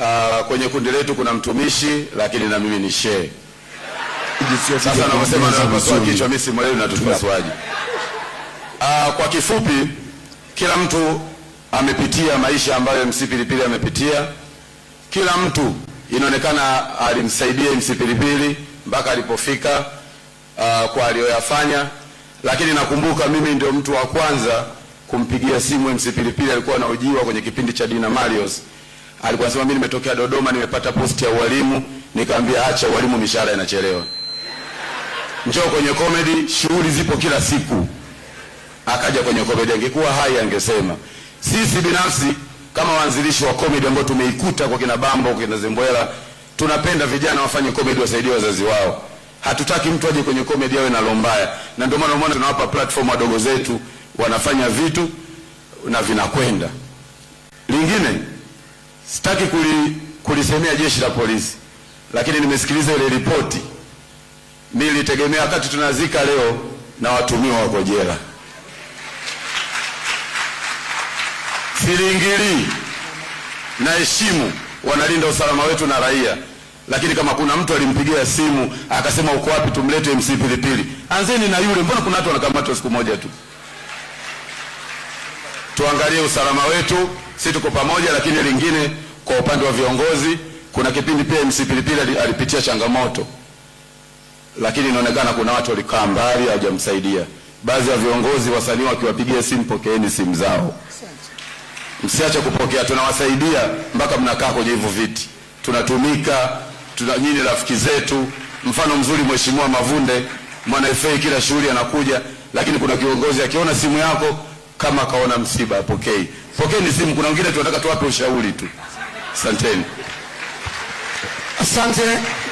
uh, kwenye kundi letu kuna mtumishi lakini na mimi ni shehe. Sasa navyosema napasua kichwa, mimi si mwalimu, natupasuaji. Uh, kwa kifupi, kila mtu amepitia maisha ambayo MC Pilipili amepitia. Kila mtu inaonekana alimsaidia MC Pilipili mpaka alipofika uh, kwa aliyoyafanya, lakini nakumbuka mimi ndio mtu wa kwanza kumpigia simu MC Pilipili, alikuwa anaojiwa kwenye kipindi cha Dina Marios alikuwa anasema mimi nimetokea Dodoma, nimepata posti ya walimu, nikamwambia acha walimu, mishahara inachelewa, njoo kwenye comedy, shughuli zipo kila siku. Akaja kwenye comedy, angekuwa hai angesema sisi binafsi kama waanzilishi wa comedy ambao tumeikuta kwa kina Bambo, kwa kina Zembwela, tunapenda vijana wafanye comedy, wasaidie wazazi wao. Hatutaki mtu aje kwenye comedy awe na lombaya, na ndio maana umeona tunawapa platform wadogo zetu, wanafanya vitu na vinakwenda lingine sitaki kuli, kulisemea jeshi la polisi, lakini nimesikiliza ile ripoti. Nilitegemea wakati tunazika leo na watumiwa wako jela. na naheshimu, wanalinda usalama wetu na raia, lakini kama kuna mtu alimpigia simu akasema uko wapi, tumlete MC Pilipili, anzeni na yule. Mbona kuna watu wanakamatwa siku moja tu? tuangalie usalama wetu, si tuko pamoja. Lakini lingine, kwa upande wa viongozi, kuna kipindi pia MC Pilipili alipitia changamoto, lakini inaonekana kuna watu walikaa mbali, hawajamsaidia. Baadhi ya viongozi, wasanii wakiwapigia simu, pokeeni simu zao, msiache kupokea. Tunawasaidia mpaka mnakaa kwenye hivyo viti, tunatumika tuna, nyinyi rafiki zetu. Mfano mzuri Mheshimiwa Mavunde, mwana FA, kila shughuli anakuja, lakini kuna kiongozi akiona simu yako kama akaona msiba apokei. pokeni simu, kuna wengine tunataka tuwape ushauri tu. Asanteni, asante.